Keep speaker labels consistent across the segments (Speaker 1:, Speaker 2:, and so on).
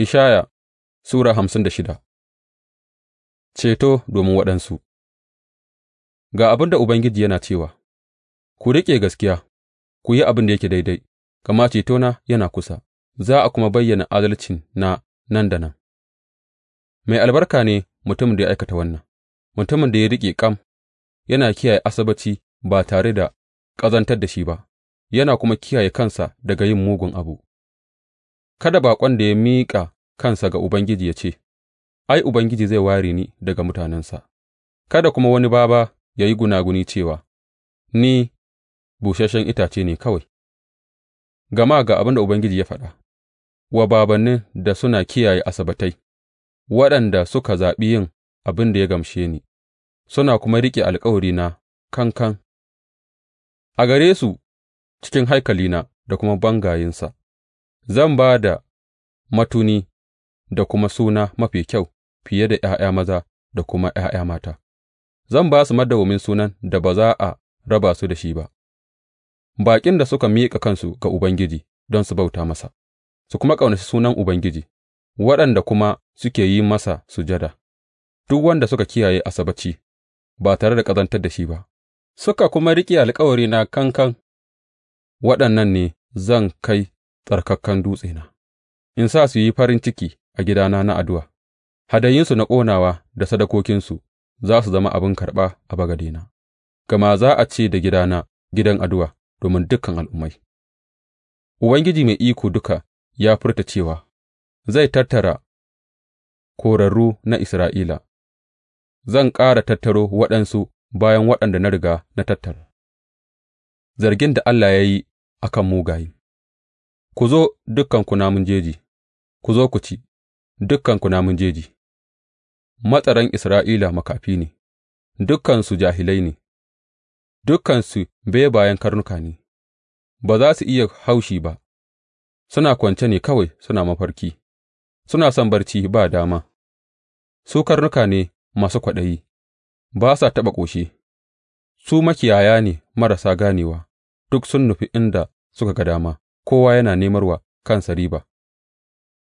Speaker 1: Ishaya Sura hamsin da shida Ceto domin waɗansu Ga abin da Ubangiji yana cewa, Ku riƙe gaskiya, ku yi abin da yake daidai, gama cetona yana kusa, za a kuma bayyana adalcin na nan da nan. Mai albarka ne mutumin da ya aikata wannan, mutumin da ya riƙe ƙam, yana kiyaye asabaci ba tare da ƙazantar da shi ba, yana kuma kiyaye kansa daga yin mugun abu. Kada baƙon da ya miƙa kansa ga Ubangiji ya ce, Ai, Ubangiji zai ware ni daga mutanensa, kada kuma wani bābā ya yi gunaguni cewa, Ni busasshen itace ne kawai, gama ga abin da Ubangiji ya faɗa wa bābānnin da suna kiyaye Asabbatai, waɗanda suka zaɓi yin abin da ya gamshe ni, suna kuma riƙe alkawarina kankan, a gare su cikin haikalina da kuma bangayensa. Zan ba da matuni da kuma suna mafi kyau fiye da ’ya'ya maza da kuma ’ya'ya mata; zan ba su madawwamin sunan da ba za a raba su da shi ba, baƙin da suka miƙa kansu ga Ubangiji don su bauta masa su kuma ƙaunaci sunan Ubangiji, waɗanda kuma suke yi masa sujada, duk wanda suka kiyaye Asabbaci ba tare da ƙazantar da shi ba suka kuma riƙe alkawarina kankan, waɗannan ne zan kai tsarkakan dutsena, in sa su yi farin ciki a gidana na addu'a; hadayunsu na ƙonawa da sadakokinsu za su zama abin karɓa a bagadena, gama za a ce da gidana, Gidan addu'a domin dukan al'ummai Ubangiji Mai Iko Duka ya furta cewa zai tattara korarru na Isra'ila, zan ƙara tattaro waɗansu bayan waɗanda na riga na tattara, zargin da Allah ya yi a kan mugaye. Ku zo, dukanku namun jeji, ku zo ku ci, dukanku namun jeji, matsaran Isra'ila makafi ne, dukansu jahilai ne, dukansu bayan karnuka ne, ba za su iya haushi ba, suna kwance ne kawai suna mafarki, suna son barci ba dama, su karnuka ne masu kwaɗayi, ba sa taɓa ƙoshi, su makiyaya ne marasa ganewa, duk sun nufi inda suka ga dama. kowa yana nemar wa kansa riba,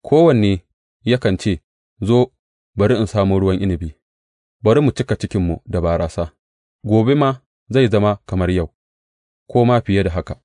Speaker 1: kowanne yakan ce, Zo, bari in samo ruwan inabi, bari mu cika cikinmu da barasa; gobe ma zai zama kamar yau, ko ma fiye da haka.